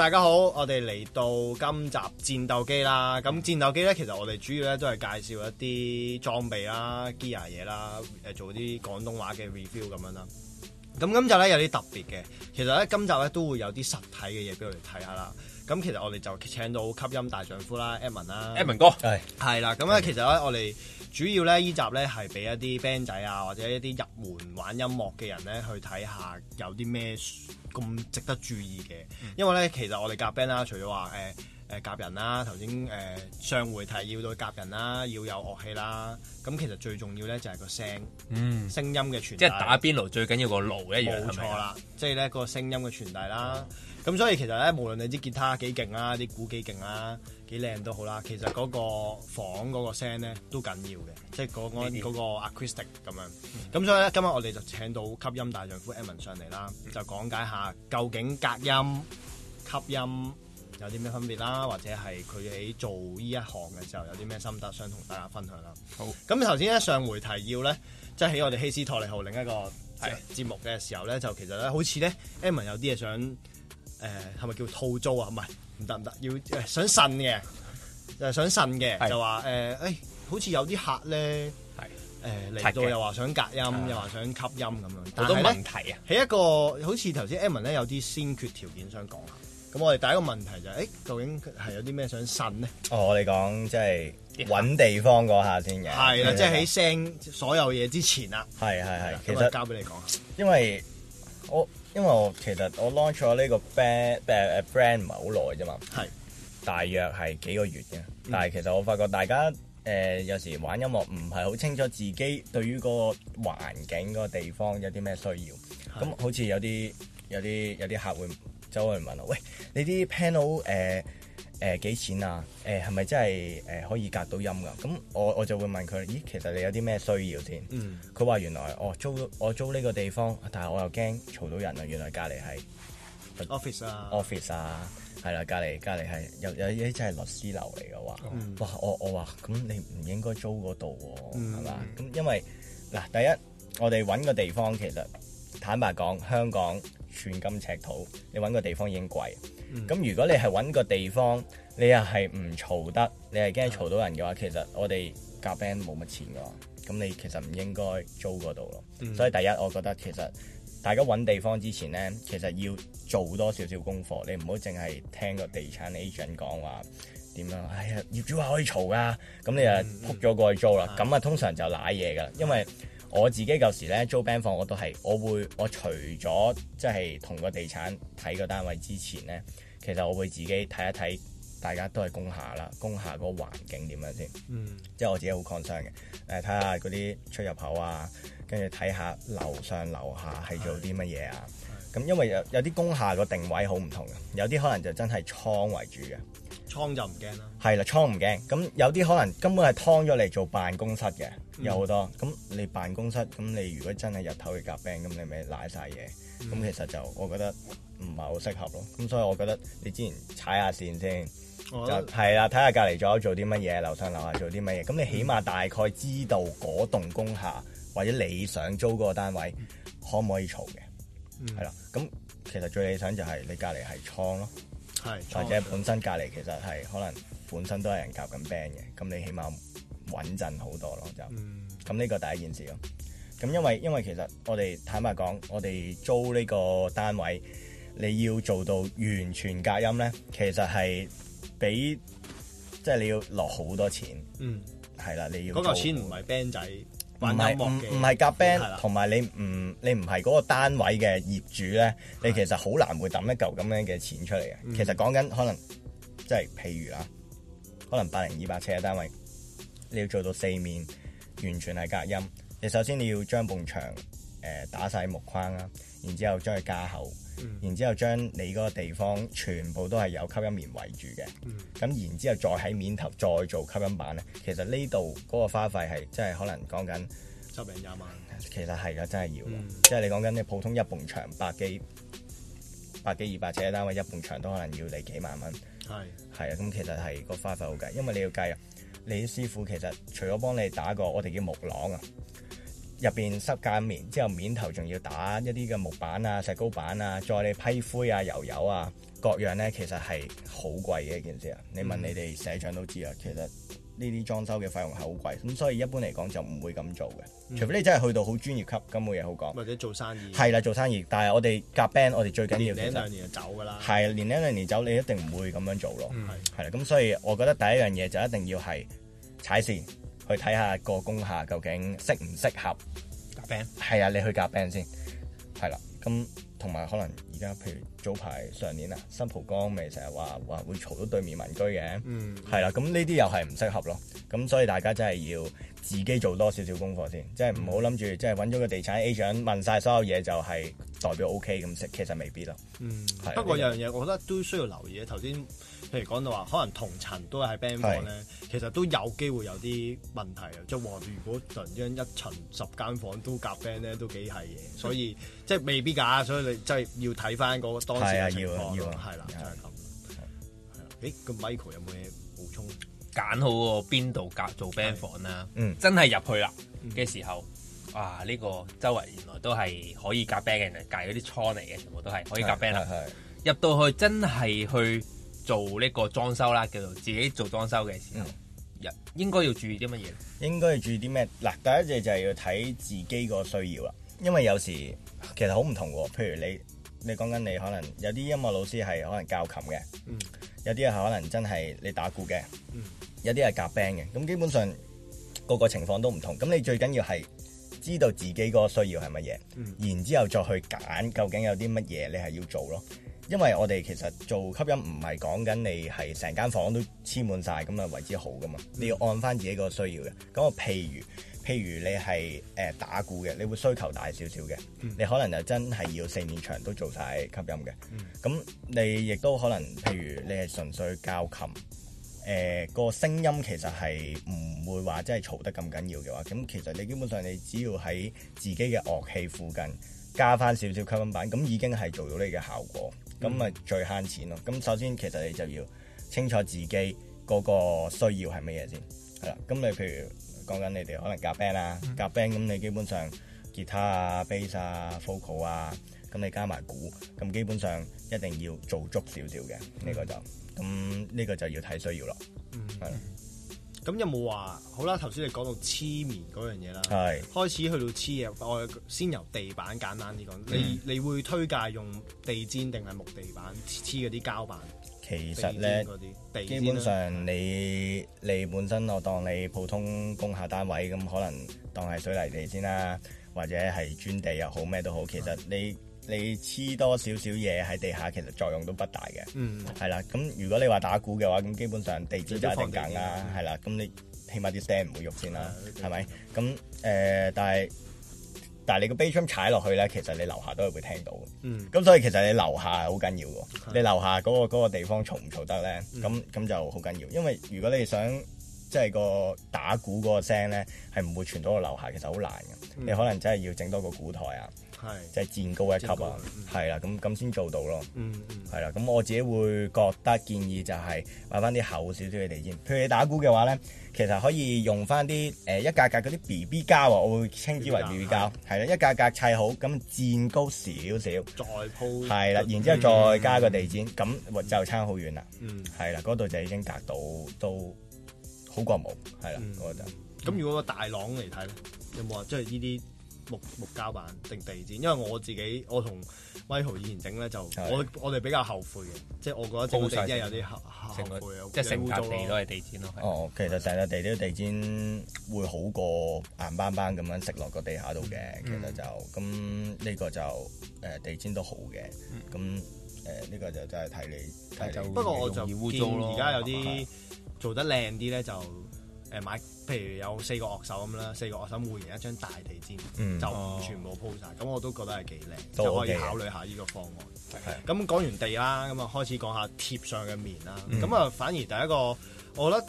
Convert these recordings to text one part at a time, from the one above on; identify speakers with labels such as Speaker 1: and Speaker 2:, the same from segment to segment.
Speaker 1: 大家好，我哋嚟到今集薦鬥機啦。咁薦鬥機咧，其實我哋主要咧都係介紹一啲裝備啦、gear 嘢啦，誒做啲廣東話嘅 review 咁樣啦。咁今集咧有啲特別嘅，其實咧今集咧都會有啲實體嘅嘢俾我哋睇下啦。咁其實我哋就請到吸音大丈夫啦 Edmund 啦 Edmund 哥，係是，係啦。咁咧其實咧是我哋。主要呢，呢集呢係俾一啲 band 仔啊，或者一啲入門玩音樂嘅人呢，去睇下有啲咩咁值得注意嘅。嗯、因為呢，其實我哋夾 band 啦，除咗話誒。呃誒夾人啦、啊，頭先誒上回提要到夾人啦、啊，要有樂器啦、啊。咁其實最重要咧就係個聲，嗯，
Speaker 2: 聲音
Speaker 1: 嘅傳。即係打邊爐最緊要個爐一樣冇錯啦，即係咧個聲音嘅傳遞啦。咁、嗯、所以其實咧，無論你啲吉他幾勁啊，啲鼓幾勁啊，幾靚都好啦，其實嗰個房嗰個聲咧都緊要嘅，即係嗰嗰個、嗯、個 acoustic 咁樣。咁、嗯、所以咧，今日我哋就請到吸音大丈夫 Edmund 上嚟啦，就講解下究竟隔音吸音。有啲咩分別啦？或者係佢喺做呢一行嘅時候有啲咩心得想同大家分享啦？好，咁頭先咧，上回提要咧，即係喺我哋《希斯托利號》另一個節目嘅時候咧，是就其實咧好似咧，Edmund 有啲嘢想誒係咪叫套租啊？唔係唔得唔得，要、呃、想呻嘅，呃、是就係想呻嘅，就話誒誒，好似有啲客咧誒嚟到又話想隔音，的又話想吸音咁樣，但都問題啊？喺一個好似頭先 Edmund 咧有啲先決條件想講下。咁我哋第一個問題就係、是，誒、欸、究竟係有啲咩想呻呢？哦，我哋講即
Speaker 2: 係揾地方嗰下先嘅。係啦， 即係喺聲所有嘢之前啦。係係係，其實交俾你講。因為我因為我其實我 launch 咗呢個 band 誒誒 brand 唔係好耐啫嘛，係的大約係幾個月嘅。嗯、但係其實我發覺大家誒、呃、有時玩音樂唔係好清楚自己對於個環境嗰個地方有啲咩需要，咁的 好似有啲有啲有啲客戶。走去問我，喂，你啲 panel 誒、呃、誒幾、呃、錢啊？誒係咪真係誒、呃、可以隔到音㗎？咁我我就會問佢，咦，其實你有啲咩需要先？嗯，佢話原來、哦、租我租我租呢個地方，但係我又驚嘈到人啊。原來隔離係 office 啊、uh、office 啊，係、嗯、啦，隔離隔離係有一啲真係律師樓嚟嘅話，嗯、哇！我我話咁你唔應該租嗰度喎，係嘛、嗯？咁因為嗱，第一、第一我哋揾個地方，其實坦白講，香港。寸金尺土，你揾個地方已經貴。咁、嗯、如果你係揾個地方，你又係唔嘈得，你係驚嘈到人嘅話，其實我哋夾 band 冇乜錢噶。咁你其實唔應該租嗰度咯。嗯、所以第一，我覺得其實大家揾地方之前咧，其實要做多少少功課，你唔好淨係聽個地產 agent 講話點樣。哎呀，業主話可以嘈㗎，咁你啊撲咗過去租啦。咁啊、嗯嗯，通常就賴嘢㗎，因為，我自己舊時咧租 band 房，我都係我會我除咗即係同個地產睇個單位之前咧，其實我會自己睇一睇大家都係工廈啦，工廈嗰個環境點樣先。嗯，即係我自己好 concern 嘅誒，睇下嗰啲出入口啊，跟住睇下樓上樓下係做啲乜嘢啊。咁、嗯、因為有有啲工廈個定位好唔同嘅，有啲可能就真係倉為主嘅。
Speaker 1: 倉就唔
Speaker 2: 驚啦，係啦，倉唔驚。咁有啲可能根本係劏咗嚟做辦公室嘅，嗯、有好多。咁你辦公室，咁你如果真係日頭要夾 band，咁你咪賴晒嘢。咁、嗯、其實就我覺得唔係好適合咯。咁所以我覺得你之前踩下線先，也就係啦，睇下隔離咗做啲乜嘢，樓上樓下做啲乜嘢。咁你起碼大概知道嗰棟工廈、嗯、或者你想租嗰個單位、嗯、可唔可以嘈嘅，係啦、嗯。咁其實最理想就係你隔離係倉咯。
Speaker 1: 係，對或者本身
Speaker 2: 隔離其實係可能本身都有人夾緊 band 嘅，咁你起碼穩陣好多咯，就咁呢、嗯、個第一件事咯。咁因為因為其實我哋坦白講，我哋租呢個單位，你要做到完全隔音咧，其實係俾即係你要落好多錢。嗯，係啦，你要嗰嚿錢唔
Speaker 1: 係 band 仔。唔係唔唔係夾 band，同
Speaker 2: 埋的你唔你唔係嗰個單位嘅業主咧，的你其實好難會抌一嚿咁樣嘅錢出嚟嘅，的其實講緊可能即係譬如啊，可能八零二百尺嘅單位，你要做到四面完全係隔音，你首先你要將埲牆誒、呃、打晒木框啊，然之後將佢加厚。然之後將你嗰個地方全部都係有吸音棉圍住嘅，咁、嗯、然之後再喺面頭再做吸音板咧，其實呢度嗰個花費係真係可能講緊
Speaker 1: 十零廿萬，
Speaker 2: 其實係噶真係要，嗯、即係你講緊你普通一埲牆百幾百幾二百尺嘅單位，一埲牆都可能要你幾萬蚊，係係啊，咁其實係個花費好計，因為你要計啊，你啲師傅其實除咗幫你打個我哋叫木廊。啊。入邊濕間棉之後，面頭仲要打一啲嘅木板啊、石膏板啊，再你批灰啊、油油啊，各樣咧其實係好貴嘅一件事啊。嗯、你問你哋社長都知啊，其實呢啲裝修嘅費用係好貴，咁所以一般嚟講就唔會咁做嘅。嗯、除非你真係去到好專業級，咁冇嘢好講。或
Speaker 1: 者做生意。係啦，做生
Speaker 2: 意，但係我哋夾 band，我哋最緊要其實，年零兩年
Speaker 1: 就走㗎啦。
Speaker 2: 係，年零兩年走，你一定唔會咁樣做咯。係、嗯，係啦，咁所以我覺得第一樣嘢就一定要係踩線。去睇下個工廈究竟適唔適合？
Speaker 1: 夾 band
Speaker 2: 係啊，你去夾 band 先係啦，咁同埋可能。而家譬如早排上年啊，新蒲崗咪成日話話會嘈到對面民居嘅，嗯，係啦，咁呢啲又係唔適合咯。咁所以大家真係要自己做多少少功課先，即係唔好諗住，即係揾咗個地產 agent 問晒所有嘢就係代表 OK 咁，食其實未必咯。
Speaker 1: 嗯，不過有樣嘢我覺得都需要留意啊，頭先譬如講到話可能同層都喺 band 房咧，其實都有機會有啲問題啊，即係如果突然間一層十間房都夾 band 咧，都幾係嘢，所以即係未必噶，所以你真係要睇。睇翻嗰個當時嘅情況，係啦，就係咁係啦。誒，個 Michael 有冇嘢補充？揀好個邊度夾做 band 房啦？嗯，真係入去啦嘅時候，啊，呢個周圍原來都係可以夾 band 嘅，隔嗰啲倉嚟嘅，全部都係可以夾 band 啦。入到去真係去做呢個裝修啦，叫做自己做裝修嘅時候，
Speaker 2: 入應該要注意啲乜嘢咧？應該要注意啲咩？嗱，第一隻就係要睇自己個需要啦，因為有時其實好唔同喎。譬如你。你講緊你可能有啲音樂老師係可能教琴嘅，mm hmm. 有啲係可能真係你打鼓嘅，mm hmm. 有啲係夾 band 嘅。咁基本上個個情況都唔同。咁你最緊要係知道自己個需要係乜嘢，mm hmm. 然之後再去揀究竟有啲乜嘢你係要做咯。因為我哋其實做吸音唔係講緊你係成間房都黐滿晒咁啊為之好㗎嘛。Mm hmm. 你要按返自己個需要嘅。咁我譬如。譬如你係誒打鼓嘅，你會需求大少少嘅，嗯、你可能就真係要四面牆都做晒吸音嘅。咁、嗯、你亦都可能，譬如你係純粹教琴，誒、呃個聲音其實係唔會話真係嘈得咁緊要嘅話，咁其實你基本上你只要喺自己嘅樂器附近加翻少少吸音板，咁已經係做到呢個效果，咁咪最慳錢咯。咁、嗯、首先其實你就要清楚自己嗰個需要係乜嘢先，係啦。咁你譬如。講緊你哋可能夾 band 啊，夾 band 咁你基本上吉他啊、bass 啊、focal 啊，咁你加埋鼓，咁基本上一定要做足少少嘅，呢、嗯、個就咁呢個就要睇需要咯。嗯，係是。
Speaker 1: 咁有冇話好啦？頭先你講到黐棉嗰樣嘢啦，係是開始去到黐嘢，我先由地板簡單啲講。嗯、你你會推介用地氈定係木地板黐嗰啲膠板？
Speaker 2: 其實咧，基本上你你本身我當你普通工廈單位咁，可能當係水泥地先啦，或者係磚地又好咩都好。其實你你黐多少少嘢喺地下，其實作用都不大嘅。嗯，嗯，係啦。咁如果你話打鼓嘅話，咁基本上地基就一定硬啦。係啦、啊。咁、嗯、你起碼啲聲唔會喐先啦。係咪？咁誒、呃，但係。但係你個 bass drum 踩落去咧，其實你樓下都係會聽到嘅。咁、嗯、所以其實你樓下係好緊要嘅。的你樓下嗰、那個那個地方嘈唔嘈得咧？咁咁、嗯、就好緊要。因為如果你想即係、就是、個打鼓嗰個聲咧，係唔會傳到個樓下，其實好難嘅。嗯、你可能真係要整多個鼓台啊。係，即係墊高一級啊，係啦，咁咁先做到咯、嗯，嗯嗯，係啦，咁我自己會覺得建議就係買翻啲厚少少嘅地氈，譬如你打鼓嘅話咧，其實可以用翻啲誒一格格嗰啲 B B 膠，我會稱之為乳膠，係啦，一格格砌感好，咁墊高少少，再鋪鋪，係啦，然之後再加個地氈，咁、嗯、就差好遠啦，嗯，係啦，嗰度就已經隔到都好過冇。係啦、嗯，我覺得，咁、
Speaker 1: 嗯嗯、如果個大廊嚟睇咧，有冇啊？即係呢啲。木木膠板定地毯？因為我自己我同威豪以前整咧就，我我哋比較後悔嘅，即係我覺得整地即係有啲後後悔，即係成
Speaker 2: 格地都係地毯咯。哦，其實成格地呢啲地毯會好過硬邦邦咁樣食落個地下度嘅，其實就咁呢個就誒地毯都好嘅，咁誒呢個就真係睇你睇你。不過我就而家有啲
Speaker 1: 做得靚啲咧，就誒買。譬如有四個樂手咁啦，四個樂手換完一張大地氈，嗯、就全部鋪晒。咁、哦、我都覺得係幾靚，就可以考慮下呢個方案。咁講、嗯、完地啦，咁啊開始講下貼上嘅棉啦。咁啊、嗯，就反而第一個我覺得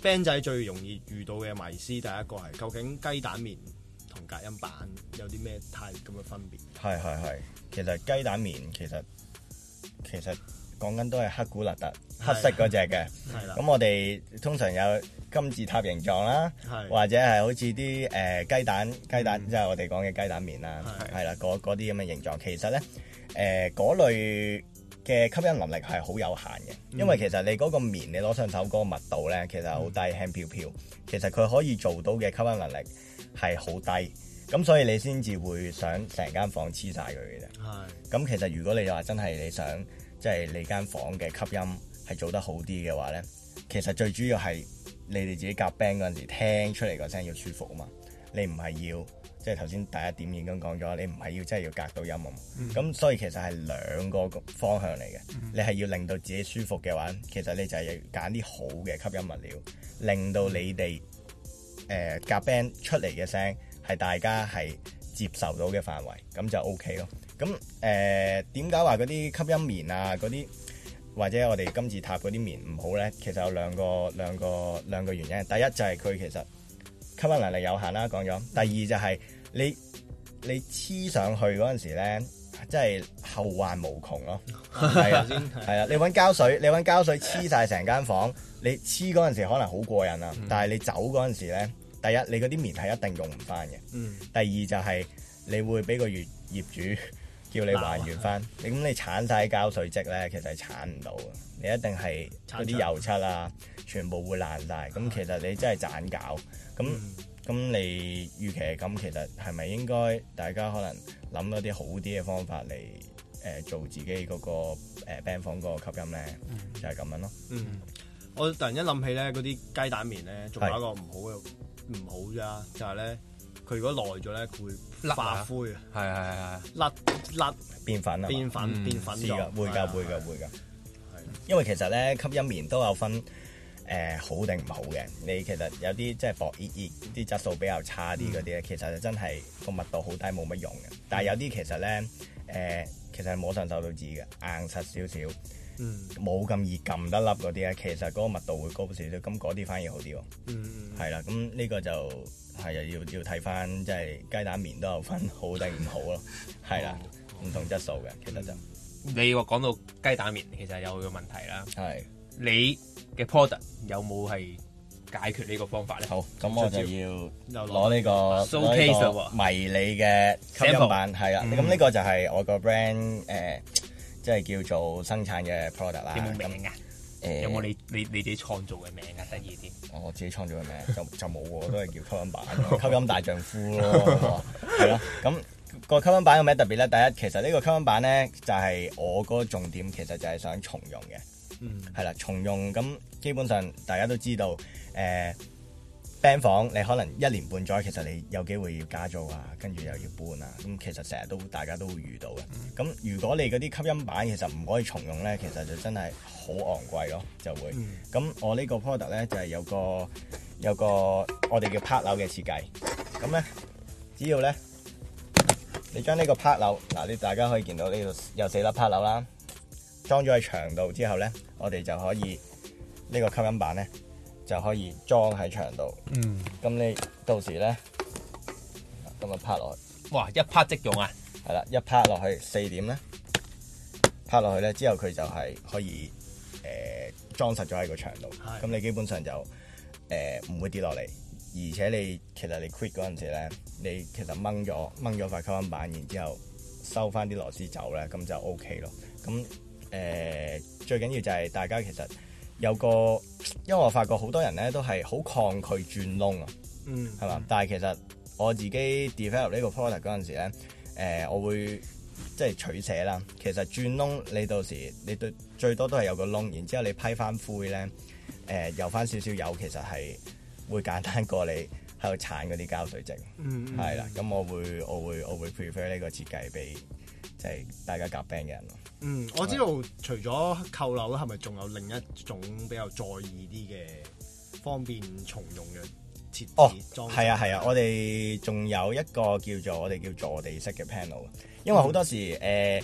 Speaker 1: Band 仔最容易遇到嘅迷思，第一個係究竟雞蛋棉同隔音板有啲咩太咁嘅分別？
Speaker 2: 係係係，其實雞蛋棉其實其實。其實講緊都係黑古勒特黑色嗰隻嘅，咁對我哋通常有金字塔形狀啦，對或者係好似啲誒雞蛋雞蛋，即係我哋講嘅雞蛋棉啦，係啦、嗯，嗰啲咁嘅形狀。其實咧誒嗰類嘅吸音能力係好有限嘅，因為其實你嗰個棉你攞上手嗰個密度咧，其實好低、嗯、輕飄飄。其實佢可以做到嘅吸音能力係好低，咁所以你先至會想成間房黐晒佢嘅啫。係咁是，其實如果你話真係你想。即係你間房嘅吸音係做得好啲嘅話呢，其實最主要係你哋自己夾 band 嗰陣時聽出嚟，個聲要舒服啊嘛。你唔係要，即係頭先第一點已經講咗，你唔係要真係要隔到音啊嘛。咁、嗯、所以其實係兩個方向嚟嘅，嗯、你係要令到自己舒服嘅話，其實你就係揀啲好嘅吸音物料，令到你哋誒夾 band 出嚟嘅聲係大家係接受到嘅範圍，咁就 OK 咯。咁誒、點解話嗰啲吸音棉啊，嗰啲或者我哋金字塔嗰啲棉唔好咧？其實有兩個兩個兩個原因。第一就係佢其實吸音能力有限啦，講咗。第二就係你你黐上去嗰陣時咧，即係後患無窮咯。係啊，你揾膠水，你揾膠水黐晒成間房，你黐嗰陣時可能好過癮啊，嗯、但係你走嗰陣時咧，第一你嗰啲棉係一定用唔返嘅。嗯。第二就係你會俾個業業主。 叫你還原翻，嗯、你咁你鏟晒啲膠水跡咧，其實係鏟唔到嘅。你一定係嗰啲油漆啊，全部會爛晒。咁、嗯、其實你真係盞搞。咁咁、嗯、你預期係咁，其實係咪應該大家可能諗到啲好啲嘅方法嚟誒、呃、做自己嗰、那個誒 Band、呃、房個吸音咧？嗯、就係咁樣咯。嗯，
Speaker 1: 我突然一諗起咧，嗰啲雞蛋綿咧，仲有一個唔好嘅，唔的好咋，就係、是、咧。佢如果耐咗咧，佢會化灰
Speaker 2: 啊！係係係，甩甩變粉啦！嗯、變粉變粉咗，會㗎會㗎會㗎。因為其實咧，吸音棉都有分誒、呃、好定唔好嘅。你其實有啲即係薄熱熱啲質素比較差啲嗰啲咧，嗯、其實就真係個密度好低，冇乜用嘅。但係有啲其實咧誒、呃，其實摸上手都知嘅硬實少少。嗯，冇咁易撳得粒嗰啲咧，其實嗰個密度會高少少，咁嗰啲反而好啲喎。嗯，係啦，咁呢個就係啊，要要睇翻，即係雞蛋棉都有分好定唔好咯，係啦，唔同質素嘅，其實就
Speaker 1: 你話講到雞蛋棉，其實有個問題啦。係，你嘅 product 有冇係解決呢
Speaker 2: 個方法咧？好，咁我就要攞呢個蘇克士迷你嘅吸音板，係啦，咁呢個就係我個 brand 誒。即係叫做生產嘅 product 啦。那嗯、有冇名啊？有冇你你你自己創造嘅名啊？得意啲？我自己創造嘅名 就就冇喎，都係叫吸音板、 吸音大丈夫咯。係啦， 咁、嗰個吸音板有咩特別咧？第一，其實呢個吸音板咧，就係、是、我個重點，其實就係想重用嘅。嗯。係啦，重用咁基本上大家都知道誒。呃病房你可能一年半載，其實你有機會要加租啊，跟住又要搬啊，咁其實成日都大家都會遇到嘅。咁如果你嗰啲吸音板其實唔可以重用咧，其實就真係好昂貴咯，就會。咁、嗯、我個呢個 product 咧就係、是、有個有個我哋叫 part 樓嘅設計。咁咧，只要咧你將呢個 part 樓，嗱你大家可以見到呢度有四粒 part 樓啦，裝咗喺牆度之後咧，我哋就可以呢個吸音板咧。就可以裝喺牆度。嗯。咁你到時咧，咁咪拍落去。哇！一拍即用啊！係啦，一拍落去四點咧，拍落去咧，之後佢就係可以誒、呃、裝實咗喺個牆度。係是。咁你基本上就誒唔、呃、會跌落嚟，而且你其實你 quit 嗰陣時咧，你其實掹咗掹咗塊吸音板，然之後收翻啲螺絲走咧，咁就 OK 咯。咁誒、呃、最緊要就係大家其實。有個，因為我發覺好多人咧都係好抗拒轉窿啊，嗯，係嘛？但係其實我自己 develop 呢個 product 陣時咧，誒，呃，我會即係取捨啦。其實轉窿你到時你對最多都係有個窿，然之後你批翻灰咧，誒，呃，油翻少少油，其實係會簡單過你喺度鏟嗰啲膠水漬，嗯，嗯，係啦。咁，嗯嗯，我會我會我會，我會 prefer 呢個設計俾。即係大家夾 band 嘅人咯。
Speaker 1: 嗯，我知道除咗扣樓，係咪仲有另一種比較在意啲嘅方便重
Speaker 2: 用嘅設施？哦，係啊，係啊，啊，我哋仲有一個叫做我哋叫坐地式嘅 panel。因為好多時誒、嗯呃，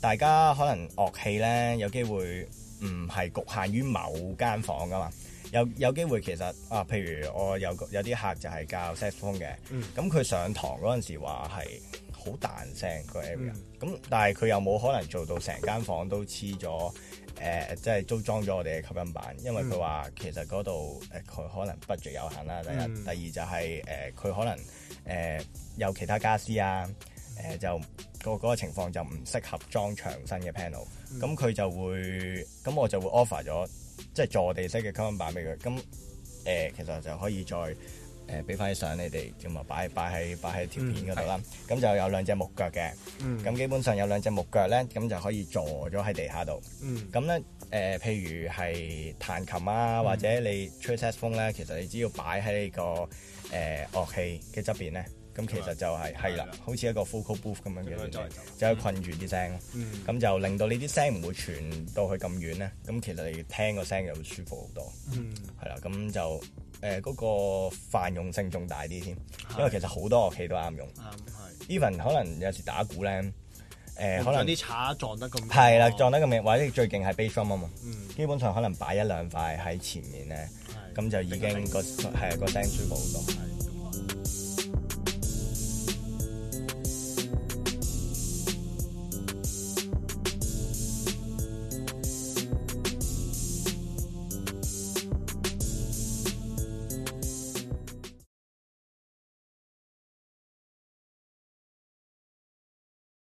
Speaker 2: 大家可能樂器咧有機會唔係局限於某間房噶嘛。有有機會其實啊，譬如我有有啲客就係教 saxophone 嘅，咁佢、嗯、上堂嗰陣時話係。好彈聲個 area，咁但係佢又冇可能做到成間房都黐咗誒，即係都裝咗我哋嘅吸音板，因為佢話其實嗰度誒佢可能 budget 有限啦，第一，嗯、第二就係誒佢可能誒、呃、有其他家俬啊，誒、呃、就嗰嗰、那個那個情況就唔適合裝牆身嘅 panel，咁佢就會咁我就會 offer 咗即係、就是、坐地式嘅吸音板俾佢，咁誒、呃、其實就可以再。誒俾翻啲相你哋，咁啊擺擺喺擺喺條片嗰度啦。咁、嗯、就有兩隻木腳嘅，咁、嗯、基本上有兩隻木腳咧，咁就可以坐咗喺地下度。咁咧誒，譬如係彈琴啊，嗯、或者你吹西風咧，其實你只要擺喺、這個呃、呢個誒樂器嘅側邊咧。咁其實就係係啦，好似一個 vocal booth 咁樣嘅，就係困住啲聲咯。咁就令到你啲聲唔會傳到去咁遠咧。咁其實你聽個聲就會舒服好多。嗯，係啦。咁就誒嗰個泛用性仲大啲添，因為其實好多樂器都啱用。Even 可能有時打鼓咧，誒可能啲叉撞得咁係啦，撞得咁歪，或者最勁係 bass drum 啊嘛。基本上可能擺一兩塊喺前面咧，咁就已經個係個聲舒服好多。